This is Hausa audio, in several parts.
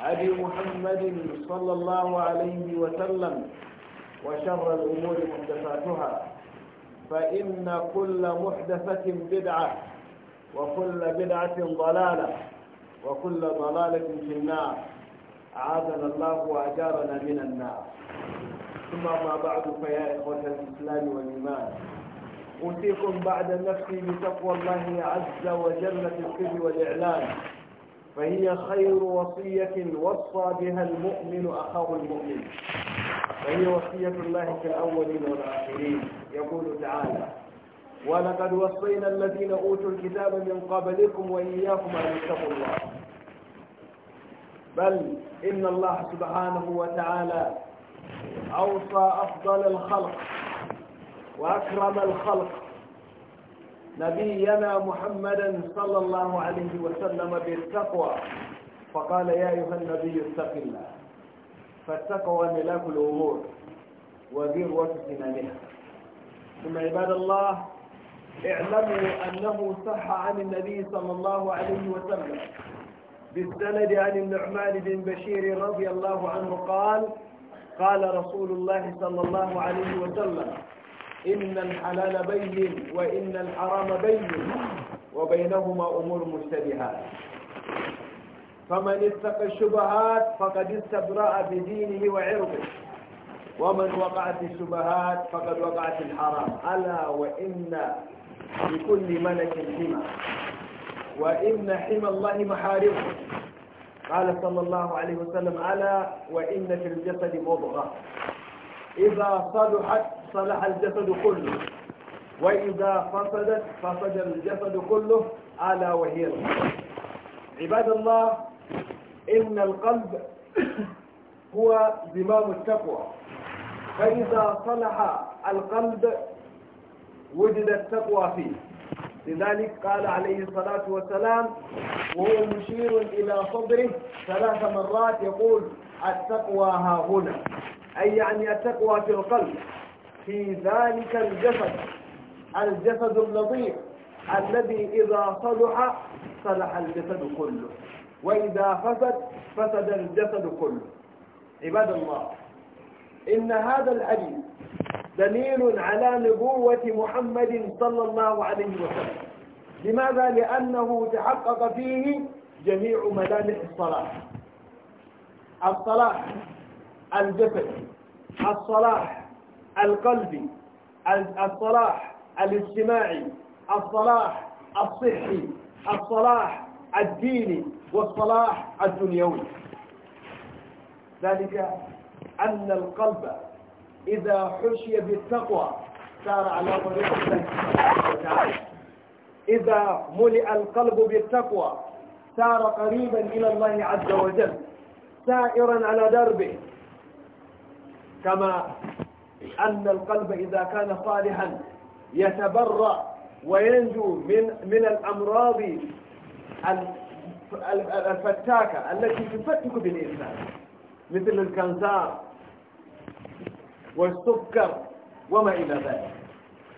هدي محمد صلى الله عليه وسلم وشر الأمور محدثاتها فإن كل محدثة بدعة وكل بدعة ضلالة وكل ضلالة في النار أعاذنا الله وأجارنا من النار ثم ما بعد فيا إخوة الإسلام والإيمان أوصيكم بعد نفسي بتقوى الله عز وجل في السر والإعلان فهي خير وصية وصى بها المؤمن أخاه المؤمن فهي وصية الله في الأولين والآخرين يقول تعالى ولقد وصينا الذين أوتوا الكتاب من قبلكم وإياكم أن يتقوا الله بل إن الله سبحانه وتعالى أوصى أفضل الخلق وأكرم الخلق نبينا محمدا صلى الله عليه وسلم بالتقوى فقال يا أيها النبي اتق الله فالتقوى ملاك الأمور وذروة سنانها ثم عباد الله اعلموا أنه صح عن النبي صلى الله عليه وسلم بالسند عن النعمان بن بشير رضي الله عنه قال قال رسول الله صلى الله عليه وسلم إن الحلال بين وإن الحرام بين وبينهما أمور مشتبهات فمن اتقى الشبهات فقد استبرأ بدينه وعرضه ومن وقع في الشبهات فقد وقع في الحرام ألا وإن لكل ملك حمى وإن حمى الله محارمه قال صلى الله عليه وسلم ألا وإن في الجسد مضغة إذا صلحت صلح الجسد كله وإذا فسدت فسد الجسد كله ألا وهي القلب عباد الله إن القلب هو زمام التقوى فإذا صلح القلب وجد التقوى فيه لذلك قال عليه الصلاة والسلام وهو مشير إلى صدره ثلاث مرات يقول التقوى ها هنا أي يعني التقوى في القلب في ذلك الجسد الجسد اللطيف الذي إذا صلح صلح الجسد كله وإذا فسد فسد الجسد كله عباد الله إن هذا الحديث دليل على نبوة محمد صلى الله عليه وسلم لماذا؟ لأنه تحقق فيه جميع ملامح الصلاة الصلاة الجسد الصلاح القلبي الصلاح الاجتماعي الصلاح الصحي الصلاح الديني والصلاح الدنيوي ذلك أن القلب إذا حشي بالتقوى سار على طريق الله وتعالى إذا ملئ القلب بالتقوى سار قريبا إلى الله عز وجل سائرا على دربه كما أن القلب إذا كان صالحا يتبرأ وينجو من من الأمراض الفتاكة التي تفتك بالإنسان مثل الكنزار والسكر وما إلى ذلك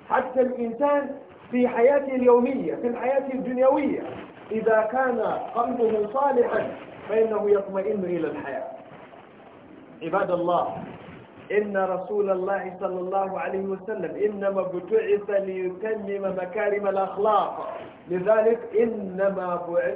حتى الإنسان في حياته اليومية في الحياة الدنيوية إذا كان قلبه صالحا فإنه يطمئن إلى الحياة عباد الله إن رسول الله صلى الله عليه وسلم إنما بتعث ليتمم مكارم الأخلاق لذلك إنما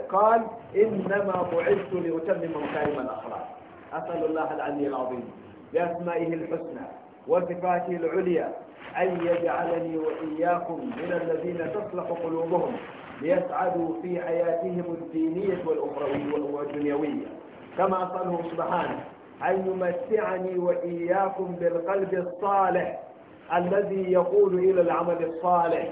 قال إنما بعثت لأتمم مكارم الأخلاق أسأل الله العلي العظيم بأسمائه الحسنى وصفاته العليا أن يجعلني وإياكم من الذين تصلح قلوبهم ليسعدوا في حياتهم الدينية والأخروية والدنيوية كما أسأله سبحانه أن يمتعني وإياكم بالقلب الصالح الذي يقول إلى العمل الصالح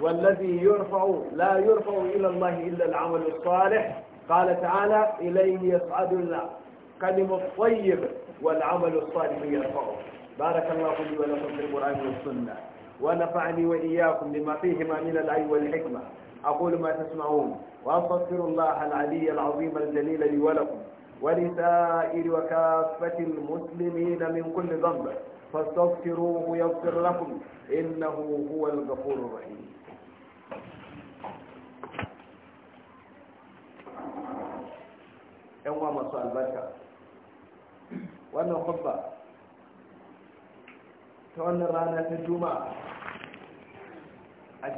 والذي يرفع لا يرفع إلى الله إلا العمل الصالح قال تعالى إليه يصعد الكلم الطيب والعمل الصالح يرفعه بارك الله لي ولكم في القرآن والسنة ونفعني وإياكم لما فيهما من العلم والحكمة أقول ما تسمعون وأستغفر الله العلي العظيم الجليل لي ولكم ولسائر وكافة المسلمين من كل ذنب فاستغفروه يغفر لكم إنه هو الغفور الرحيم ‘yan wa masu albarka wannan hubba ta wannan rana ta juma'a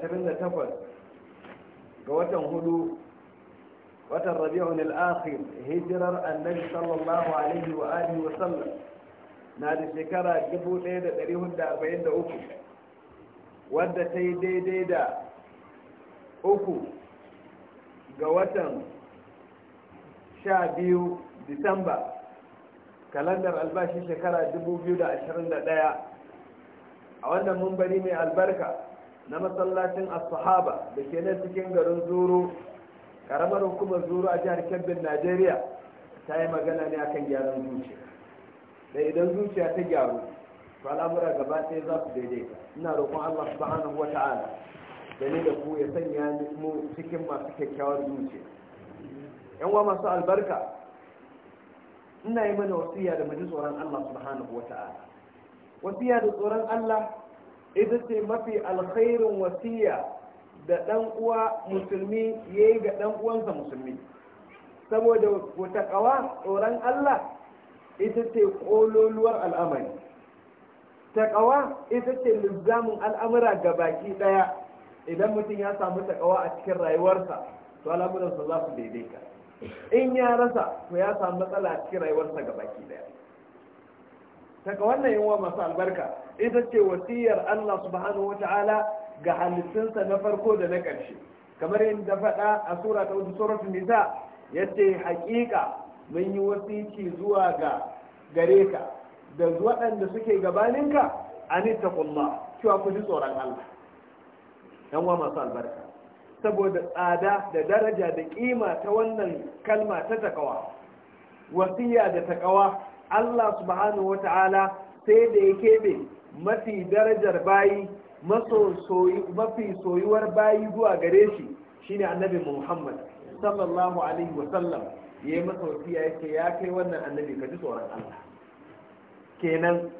28 ga watan watan rabi'un al hijirar annabi sallallahu alaihi wa alihi wa sallam na da shekara 1443 wadda ta yi daidai da uku ga watan sha biyu disamba kalandar albashi shekara 2021 a wannan mumbari mai albarka na masallacin as-sahaba da ke nan cikin garin zuru karamar hukumar zuru a jihar kebbin najeriya ta yi magana ne akan gyaran zuciya da idan zuciya ta gyaru to al'amura gaba ɗaya za su daidaita ina roƙon allah subhanahu wa ta'ala da ni da ku ya sanya mu cikin masu kyakkyawar zuciya yan wa masu albarka ina yi mana wasiya da muji tsoron allah subhanahu wa ta'ala wasiya da tsoron allah ita ce mafi alkhairin wasiya da ɗan uwa musulmi ya yi ga ɗan uwansa musulmi saboda wata ƙawa tsoron Allah ita ce ƙololuwar al'amari taƙawa ita ce lizamin al'amura ga baki ɗaya idan mutum ya samu taƙawa a cikin rayuwarsa to al'amuransa za su daidaita in ya rasa to ya samu matsala a cikin rayuwarsa ga baki ɗaya taƙa wannan wa masu albarka ita ce wasiyar Allah subhanahu wa ta'ala ga halittunsa na farko da na ƙarshe kamar yadda faɗa a sura ta wasu suratul nisa yace haƙiƙa mun yi wasici zuwa ga gare ka da waɗanda suke gabaninka an kuma cewa ku ji tsoron Allah yan wa masu albarka saboda tsada da daraja da ƙima ta wannan kalma ta takawa wasiya da takawa Allah subhanahu Ta'ala, sai da ya keɓe mafi darajar bayi mafi soyuwar bayi zuwa gare shi shine annabi muhammad sallallahu alaihi wasallam ya yi masa ya ke kai wannan annabi ka ji tsoron allah kenan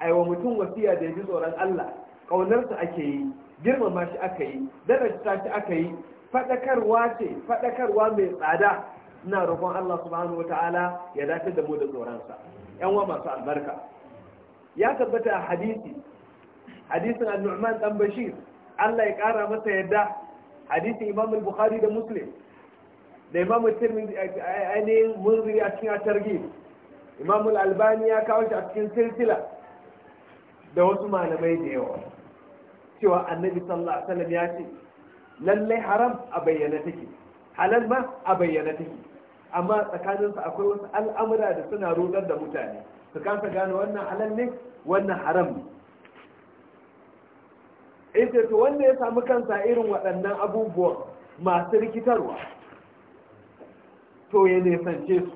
aiwa mutum wasiya da ya ji tsoron allah ƙaunarsa ake yi girmama shi aka yi darajta shi aka yi faɗakarwa ce faɗakarwa mai tsada na roƙon allah subhanahu wataala ya dace da mu da tsoronsa yan wa masu albarka ya tabbata a hadisi hadisin annu'man dan bashir Allah ya kara masa yadda hadisin imam al-bukhari da muslim da imam tirmidhi ainihin munziri a cikin targhib imam al-albani ya kawo shi a cikin silsila da wasu malamai da yawa cewa annabi sallallahu alaihi wasallam ya ce lallai haram a bayyana take halal ma a bayyana take amma tsakaninsa akwai wasu al'amura da suna rudar da mutane su kansa gane wannan halal ne wannan haram ne in to wanda ya samu kansa irin waɗannan abubuwan masu rikitarwa to ya nesance su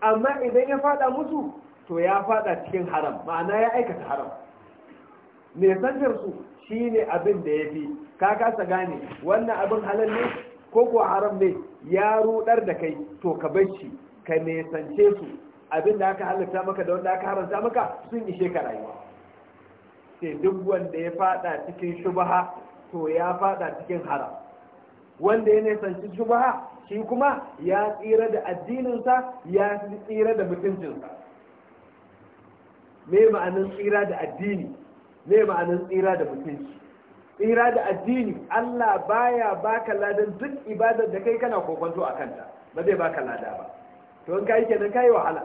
amma idan ya fada musu to ya fada cikin haram ma'ana ya aikata haram nesantar su shi ne abin da ya fi ka kasa gane wannan abin halal ne ko kuwa haram ne ya rudar da kai to ka bar ka nesance su abin da aka halatta maka da wanda aka haramta maka sun ishe ka rayuwa ce duk wanda ya fada cikin shubaha to ya fada cikin haram wanda ya nisanci shubaha shi kuma ya tsira da addininsa ya tsira da mutuncinsa me ma'anin tsira da addini me ma'anin tsira da mutunci tsira da addini Allah baya baka ladan duk ibadar da kai kana kokonto a kanta ba zai baka lada ba to in kai kenan kai wahala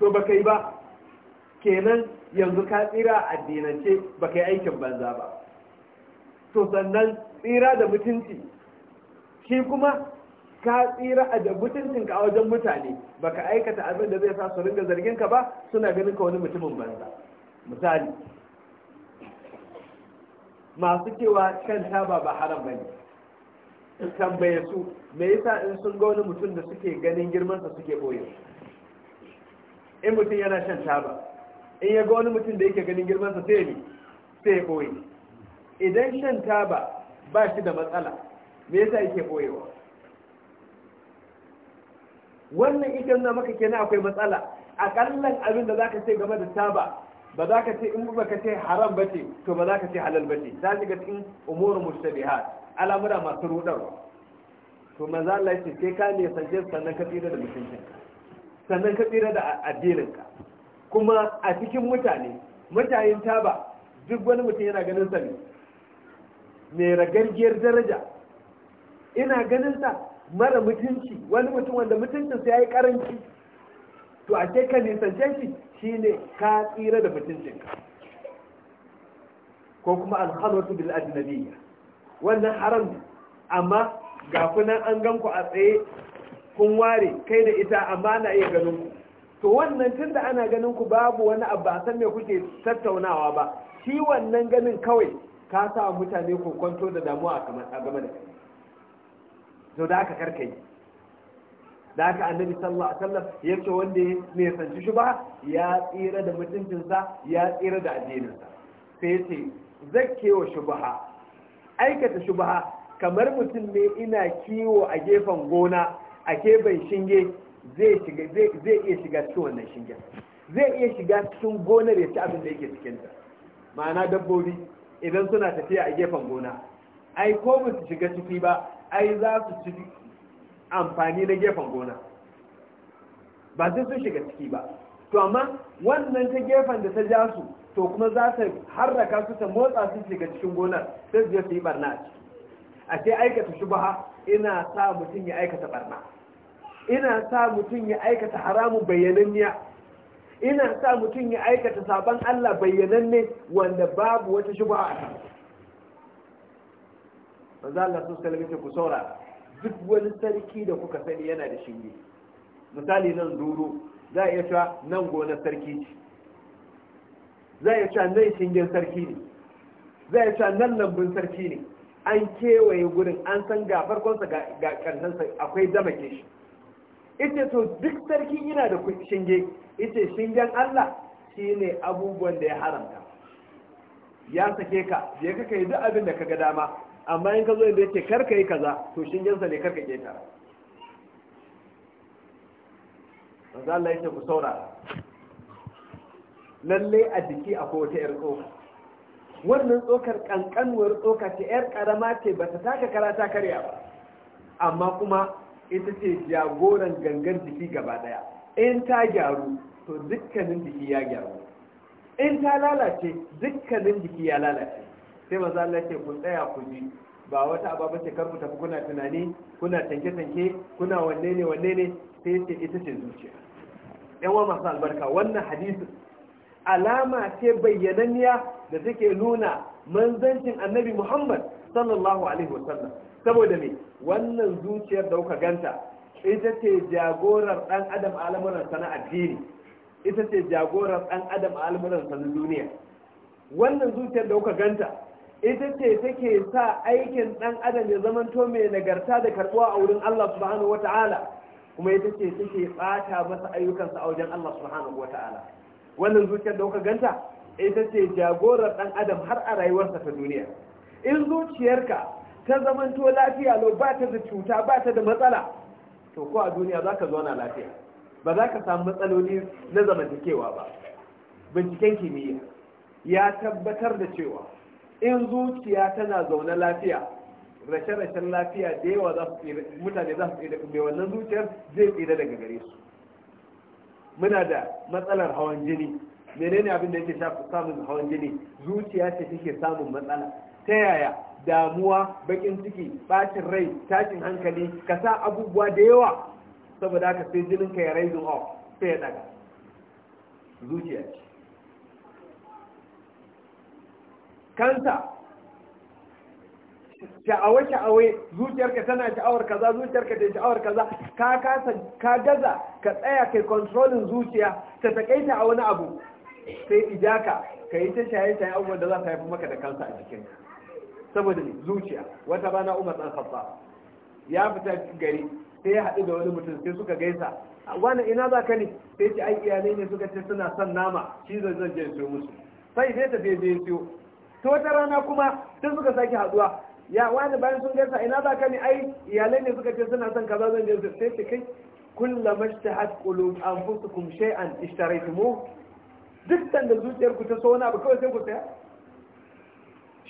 to ba kai ba kenan yanzu ka tsira a addinance ba ka yi aikin banza ba to sannan tsira da mutunci shi kuma ka tsira a da mutuncinka a wajen mutane ba ka aikata abin da zai sa su ringa zargin ka ba suna ganin ka wani mutumin banza misali masu cewa shan taba ba haram ba ne tambaye su me yasa in sun ga wani mutum da suke ganin girmansa suke boye in mutum yana shan taba in ya ga wani mutum da yake ganin girmansa sai ne sai ya ɓoye idan shan taba ba shi da matsala me yasa yake ɓoyewa wannan ita na maka kenan akwai matsala A akallan abin da zaka ce game da taba ba za ka ce in ba ka ce haram ba ce to ba za ka ce halal ba ce ta ga cikin umurul mushtabihat al'amura masu rudarwa to maza Allah ce sai ka ne sanje sannan ka tsira da mutuncin sannan ka tsira da addininka kuma a cikin mutane mutayen taba duk wani mutum yana ganin sa ne mai ragargiyar daraja ina ganin sa mara mutunci wani mutum wanda mutuncinsa ya yi karanci to a ka nisance shi shine ka tsira da ka. ko kuma alhalwatu bil ajnabiyya wannan haram amma ga kuna an ganku a tsaye kun ware kai da ita amma na iya ganin ku to wannan tun da ana ganin ku babu wani abu a san me kuke tattaunawa ba shi wannan ganin kawai ka sa mutane kwanto da damuwa a game da kai to da aka karkai da aka annabi sallallahu alaihi wasallam yace wanda ya sanci shi ba ya tsira da mutuncinsa ya tsira da addininsa sai yace zakkewa shubha aikata shubha kamar mutum ne ina kiwo a gefen gona a keban shinge zai iya shiga cikin wannan shingen zai iya shiga cikin gonar ya ci abin da yake cikinta ma'ana dabbobi idan suna tafiya a gefen gona ai ko ba su shiga ciki ba ai za su ci amfani na gefen gona ba sai sun shiga ciki ba to amma wannan ta gefen da ta ja su to kuma za ta harraka su ta motsa su shiga cikin gona sai su yi barna a a ce aikata shubaha ina sa mutum ya aikata barna ina sa mutum ya aikata haramun bayyananniya ina sa mutum ya aikata sabon Allah bayyananne wanda babu wata shubha a kan manzo Allah sun sallallahu ku saura duk wani sarki da kuka sani yana da shinge misali nan duro za a iya cewa nan gonar sarki ce za a iya cewa nan shingen sarki ne za a iya cewa nan lambun sarki ne an kewaye gurin an san ga farkonsa ga ƙarshensa akwai damake shi ita to duk sarki yana da shinge ita shingen Allah shine abubuwan da ya haramta ya sake ka je ka kai duk abin da ka ga dama amma in ka zo inda yake karka yi kaza to shingensa ne karka ke tara Allah yake ku saura lalle a jiki akwai wata yar tsoka wannan tsokar kankanuwar tsoka ce yar karama ce ba ta taka karata karya ba amma kuma ita ce jagoran gangan jiki gaba daya in ta gyaru to dukkanin jiki ya gyaru in ta lalace dukkanin jiki ya lalace sai maza Allah ce ku tsaya ku ji ba wata ba ce kar ku tafi kuna tunani kuna tanke tanke kuna wanne ne wanne ne sai ce ita ce zuciya yawa masu albarka wannan hadisin alama ce bayyananniya da take nuna manzancin annabi Muhammad sallallahu alaihi wasallam saboda me wannan zuciyar da kuka ganta ita ce jagorar dan adam al'amuran sana addini ita ce jagorar dan adam al'amuran sana duniya wannan zuciyar da kuka ganta ita ce take sa aikin dan adam ya zamanto mai nagarta da karbuwa a wurin Allah subhanahu wataala kuma ita ce take bata masa ayyukansa a wajen Allah subhanahu wataala wannan zuciyar da kuka ganta ita ce jagorar dan adam har a rayuwarsa ta duniya in zuciyarka ta zamanto lafiya lau ba ta da cuta ba ta da matsala to ko a duniya za ka zauna lafiya ba za ka samu matsaloli na zamantakewa ba binciken kimiyya ya tabbatar da cewa in zuciya tana zaune lafiya rashe-rashen lafiya da yawa mutane za su tsira mai wannan zuciyar zai tsira daga gare su muna da matsalar hawan jini menene abin da yake samun hawan jini zuciya ce take samun matsala ta yaya damuwa bakin ciki bacin rai tashin hankali ka sa abubuwa da yawa saboda haka sai jinin ka ya raising off sai ya daga zuciya ce kansa sha'awa zuciyar zuciyarka tana sha'awar kaza zuciyarka ta sha'awar kaza ka kasa ka gaza ka tsaya kai kontrolin zuciya ta takaita a wani abu sai ijaka ka yi ta shaye-shaye abubuwan da za ta haifi maka da kansa a jikinka saboda zuciya wata bana umar dan khattab ya fita gari sai ya haɗu da wani mutum sai suka gaisa wani ina za ka ne sai ce ai iyalai ne suka ce suna son nama shi zan zan je siyo musu sai sai tafi ya siyo to wata rana kuma sai suka sake haɗuwa ya wani bayan sun gaisa ina za ka ne ai iyalai ne suka ce suna son kaza zan je siyo sai ce kai an fusu kumshe anfusukum shay'an ishtaraytumuh duk da zuciyarku ta so wani abu kawai sai ku saya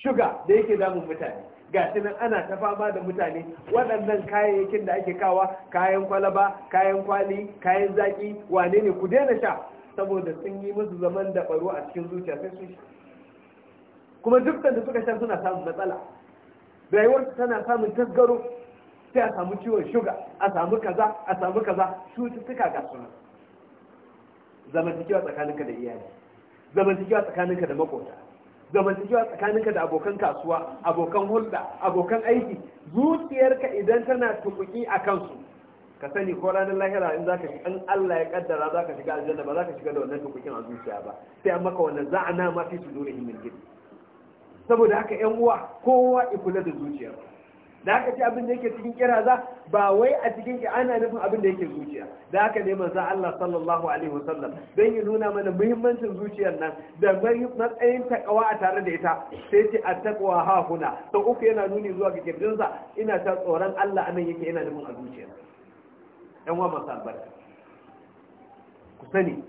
shuga da yake damun mutane ga nan ana ta fama da mutane waɗannan kayayyakin da ake kawa kayan kwalaba kayan kwali kayan zaki wane ne ku daina sha saboda sun yi musu zaman da baro a cikin zuciya sai sun kuma duk da suka sha suna samun matsala rayuwar tana samun tasgaro sai a samu ciwon shuga a samu kaza a samu kaza cututtuka ga suna zamantakewa tsakaninka da iyali zamantakewa tsakaninka da makota zamantakewa tsakaninka da abokan kasuwa abokan hulɗa abokan aiki zuciyarka idan tana tukuki a kansu ka sani ko ranar lahira in zaka an Allah ya kaddara zaka shiga aljanna ba zaka shiga da wannan tukukin a zuciya ba sai an maka wannan za'ana ma fi su himmin min saboda haka yan uwa kowa ikula da zuciyarsa da haka ce abin da yake cikin kiraza ba wai a cikin ki ana nufin abin da yake zuciya da haka ne manzo Allah sallallahu alaihi wasallam dan ya nuna mana muhimmancin zuciyar nan da matsayin takawa a tare da ita sai ce attaqwa ha huna to uku yana nuni zuwa ga kirjinsa ina ta tsoron Allah anan yake ina nufin a zuciya yan wa masu albarka ku sani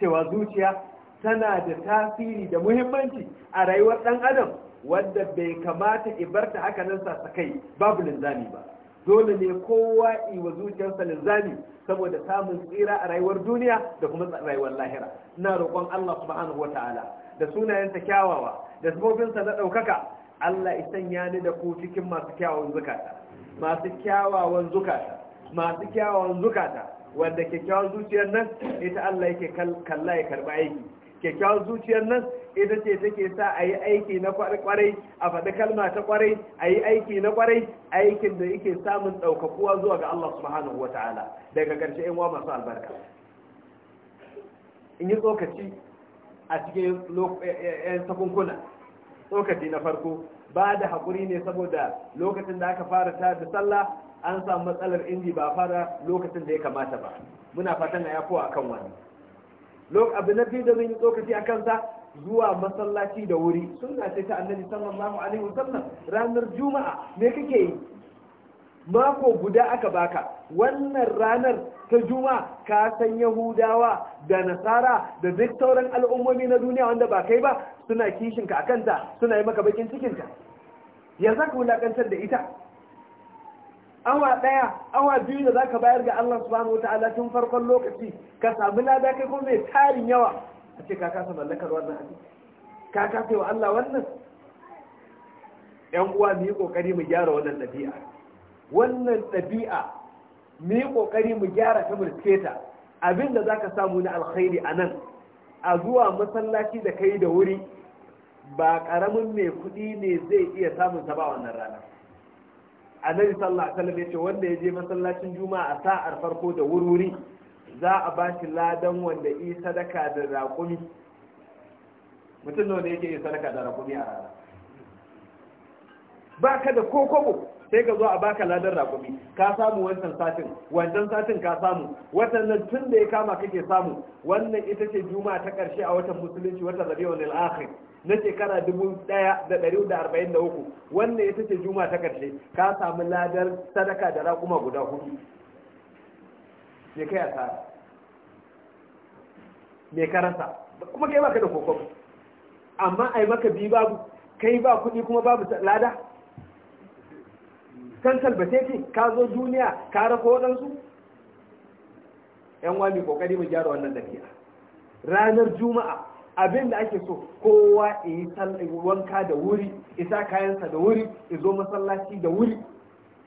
cewa zuciya tana da tasiri da muhimmanci a rayuwar dan adam wanda bai kamata ibarta haka nan sasakai babu linzami ba dole ne kowa iwa zuciyarsa linzami saboda samun tsira a rayuwar duniya da kuma rayuwar lahira ina roƙon Allah subhanahu wataala da sunayensa kyawawa da sabobinsa na ɗaukaka Allah ya sanya ni da ku cikin masu kyawawan zukata masu kyawawan zukata masu kyawawan zukata wanda kyakkyawan zuciyar nan ita Allah yake kalla ya karba aiki kyakkyawan zuciyar nan ita ce take sa a yi aiki na kwarai a faɗi kalma ta kwarai a yi aiki na kwarai aikin da yake samun ɗaukakuwa zuwa ga Allah subhanahu wa ta'ala daga ƙarshe in wa masu albarka in yi tsokaci a cikin yan sakunkuna tsokaci na farko ba da haƙuri ne saboda lokacin da aka fara ta da sallah an samu matsalar inji ba fara lokacin da ya kamata ba muna fatan a a kan wani abu na biyu da zan yi tsokaci a kansa zuwa masallaci da wuri sunna ce ta annabi sallallahu alaihi wasallam ranar juma'a me kake yi mako guda aka baka wannan ranar ta juma'a ka san yahudawa da nasara da duk al'ummomi na duniya wanda ba kai ba suna kishinka a kanta suna yi maka bakin cikinta ya za ka wulakantar da ita awa ɗaya awa biyu da zaka bayar ga allah subhanahu wa ta'ala tun farkon lokaci ka samu lada kai kuma mai tarin yawa a ce ka kasa mallakar wannan abin ka kasa wa Allah wannan yan uwa mu yi kokari mu gyara wannan ɗabi'a wannan ɗabi'a mu yi kokari mu gyara ta mursketa abin da zaka samu na alkhairi a nan a zuwa masallaci da kai da wuri ba karamin mai kuɗi ne zai iya samun ta ba wannan rana annabi sallallahu alaihi wasallam ce wanda ya je masallacin juma'a a sa'ar farko da wuri-wuri. za a ba shi ladan wanda yi sadaka da raƙumi mutum ne yake yi sadaka da raƙumi a rana ba ka da kokobo sai ka zo a baka ladan raƙumi ka samu wancan satin wancan satin ka samu watannan tun da ya kama kake samu wannan ita ce juma ta ƙarshe a watan musulunci watan wani akhir na shekara 1,143 wannan ita ce juma ta ƙarshe ka samu ladan sadaka da raƙuma guda hudu me kai asara me ka rasa kuma kai baka da koko amma ai maka bi babu kai ba kuɗi kuma babu lada kan kalbate ki ka zo duniya ka rafa waɗansu yan wani kokari mu gyara wannan dabi'a ranar juma'a abin da ake so kowa yi wanka da wuri isa kayansa da wuri izo masallaci da wuri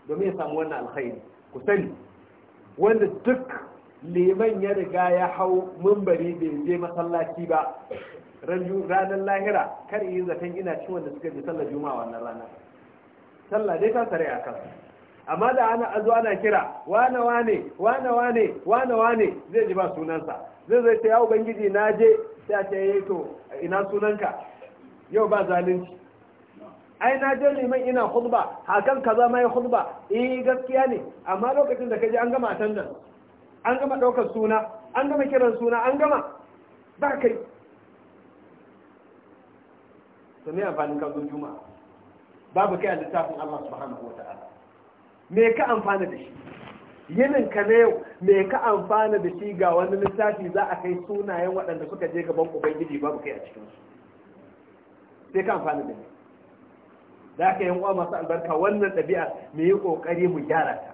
domin ya samu wannan alkhairi ku sani wanda duk liman ya riga ya hau mumbari bai je masallaci ba ranar lahira kar yi zaton ina ci wanda suka ji sallar juma'a wannan rana sallah dai ta tsare a kan amma da ana azo ana kira wane wane wane wane wane wane zai ji ba sunansa zai zai ta ya ubangiji na je sai a ce eh, to ina sunanka yau ba zalunci ai na je neman ina khutba hakan kaza mai khutba eh gaskiya ne amma lokacin da kaje an gama tantan an gama daukar suna an gama kiran suna an gama ba kai to me amfanin ka zuwa juma'a babu kai a littafin Allah subhanahu wata'ala ta'ala me ka amfana da shi yinin ka ne me ka amfana da shi ga wani littafi za a kai sunayen waɗanda suka je gaban ubangiji babu kai a cikinsu sai ka amfana da shi da aka yi uwa masu albarka wannan ɗabi'a mu yi ƙoƙari mu gyara ta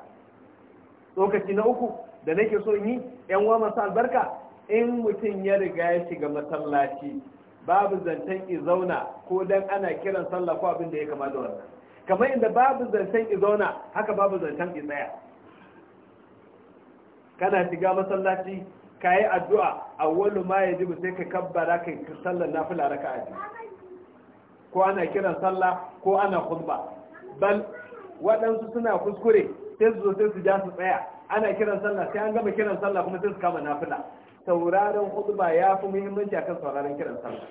lokaci na uku da nake so yi yan uwa masu albarka in mutum ya riga ya shiga masallaci babu zancen zauna ko dan ana kiran sallah ko abin da ya kama da wannan kamar inda babu zancen zauna haka babu zancen tsaya kana shiga masallaci ka yi addu'a a wani ma ya ji sai ka kabbara ka sallar nafila raka aji ko ana kiran sallah ko ana khutba bal waɗansu suna kuskure sai su zo sai su ja su tsaya ana kiran sallah sai an gama kiran sallah kuma sai su kama nafila sauraron khutba ya fi muhimmanci akan sauraron kiran sallah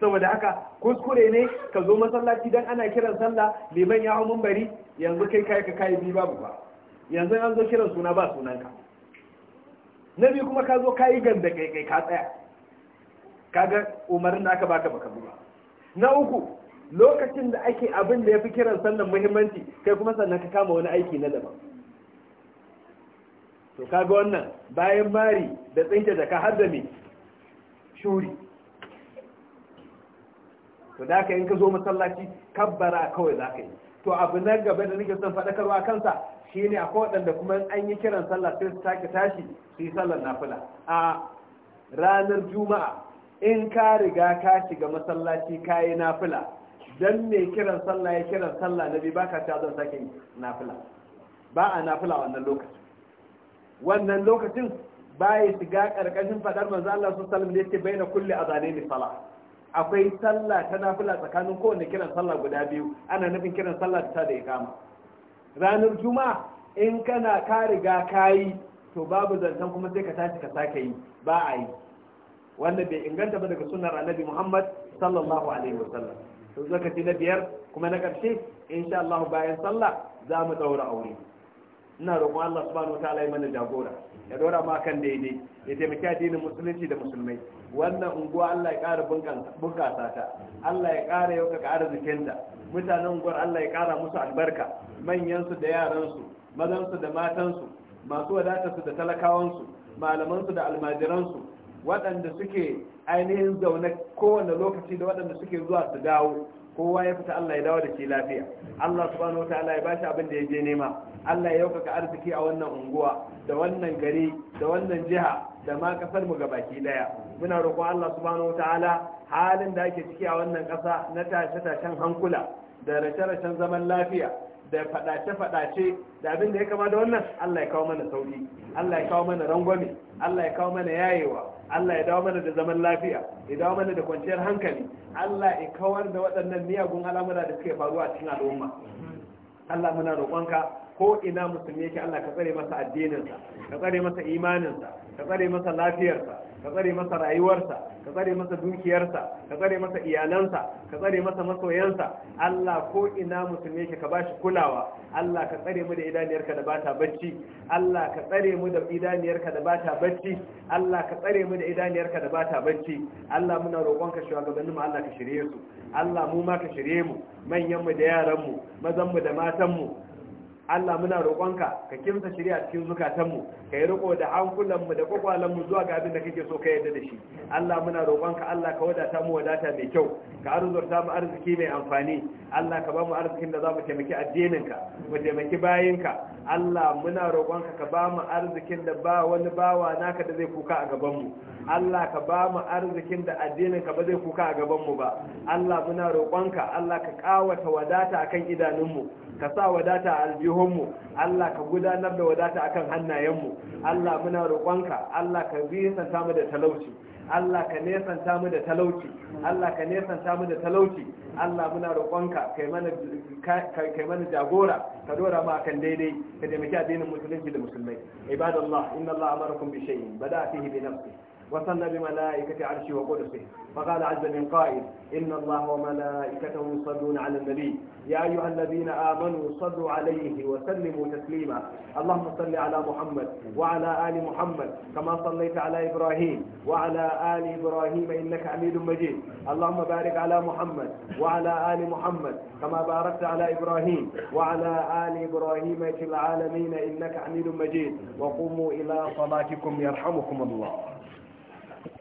saboda haka kuskure ne ka zo masallaci dan ana kiran sallah liman ya hau mambari yanzu kai kai ka kai bi babu ba yanzu an zo kiran suna ba sunanka na biyu kuma ka zo kayi ganda kai kai ka tsaya kaga umarin da aka baka baka bi ba na uku lokacin da ake abin da ya fi kiran sannan muhimmanci kai kuma sannan ka kama wani aiki na daban to kaga wannan bayan mari da tsinke da ka hada mai shuri to da aka in ka zo masallaci kabbara kawai za ka yi to abu na gaba da nake son faɗakarwa kansa shine akwai waɗanda kuma an yi kiran sallah sai su sake tashi su yi sallar nafila a ranar juma'a in ka riga ka shiga masallaci ka yi nafila don mai kiran sallah ya kiran sallah na biyu baka ta zan sake nafila ba a nafila wannan lokacin wannan lokacin ba ya shiga karkashin fadar manzo Allah su sallam da yake bayyana kulli azane ne akwai sallah ta nafila tsakanin kowanne kiran sallah guda biyu ana nufin kiran sallah ta da ikama ranar juma'a in kana ka riga kayi to babu zantan kuma sai ka tashi ka sake yi ba a yi wanda bai inganta ba daga sunar annabi Muhammad sallallahu alaihi wasallam to zakati na biyar kuma na karshe insha Allah bayan sallah za mu daura aure ina roƙon Allah subhanahu ta'ala ya mana jagora ya dora ma kan daidai ya taimaki addinin musulunci da musulmai wannan unguwa Allah ya ƙara bunƙasa ta Allah ya ƙara arzikin da mutanen unguwar Allah ya ƙara musu albarka manyansu da yaransu mazansu da matansu masu wadatarsu da talakawansu malamansu da almajiransu waɗanda suke ainihin zaune kowane lokaci da waɗanda suke zuwa su dawo kowa ya fita Allah ya dawo da shi lafiya Allah subhanahu wataala ya bashi abin da ya je nema Allah ya yaukaka arziki a wannan unguwa da wannan gari da wannan jiha da ma kasar mu gabaki daya muna roƙon Allah subhanahu wataala halin da ake ciki a wannan ƙasa na tashe-tashen hankula da rashe-rashen zaman lafiya da fadace-fadace da abin da ya kama da wannan Allah ya kawo mana sauki Allah ya kawo mana rangwame Allah ya kawo mana yayewa Allah ya dawo mana da zaman lafiya ya dawo mana da kwanciyar hankali Allah ya kawar da waɗannan miyagun al'amura da suke faruwa a cikin al'umma Allah muna roƙonka ko ina musulmi yake Allah ka tsare masa addininsa ka tsare masa imaninsa ka tsare masa lafiyarsa ka tsare masa rayuwarsa ka tsare masa dukiyarsa ka tsare masa iyalansa ka tsare masa masoyansa Allah ko ina musulmi yake ka bashi kulawa Allah ka tsare mu da idaniyarka da bata bacci Allah ka tsare mu da idaniyarka da bata bacci Allah ka tsare mu da idaniyarka da bata bacci Allah muna roƙonka shugabannin mu Allah ka shirye su Allah mu ma ka shirye mu manyan mu da yaran mu mazan mu da matan mu Allah muna roƙonka ka kimsa shari'a cikin zukatanmu ka yi riko da hankulanmu da kwakwalanmu zuwa ga abin da kake so ka yadda da shi Allah muna roƙonka Allah ka wadata mu wadata mai kyau ka arzurta mu arziki mai amfani Allah ka ba mu arzikin da za mu taimaki addininka mu taimaki bayinka Allah muna roƙonka ka ba mu arzikin da ba wani bawa naka da zai kuka a gabanmu Allah ka ba mu arzikin da addininka ba zai kuka a gabanmu ba Allah muna roƙonka Allah ka ƙawata wadata akan idanunmu ka sa wadata a aljihunmu Allah ka gudanar da wadata akan hannayenmu Allah muna roƙonka Allah ka nisanta mu da talauci Allah ka nesanta mu da talauci Allah ka nesanta mu da talauci Allah muna roƙonka kai mana kai mana jagora ka dora mu akan daidai ka taimaki addinin musulunci da musulmai ibadallah inna Allah amarakum bi shay'in bada fihi bi nafsihi وصلى بملائكة عرشه وقدسه فقال عز من قائل إن الله وملائكته يصلون على النبي يا أيها الذين آمنوا صلوا عليه وسلموا تسليما اللهم صل على محمد وعلى آل محمد كما صليت على إبراهيم وعلى آل إبراهيم إنك حميد مجيد اللهم بارك على محمد وعلى آل محمد كما باركت على إبراهيم وعلى آل إبراهيم في العالمين إنك حميد مجيد وقوموا إلى صلاتكم يرحمكم الله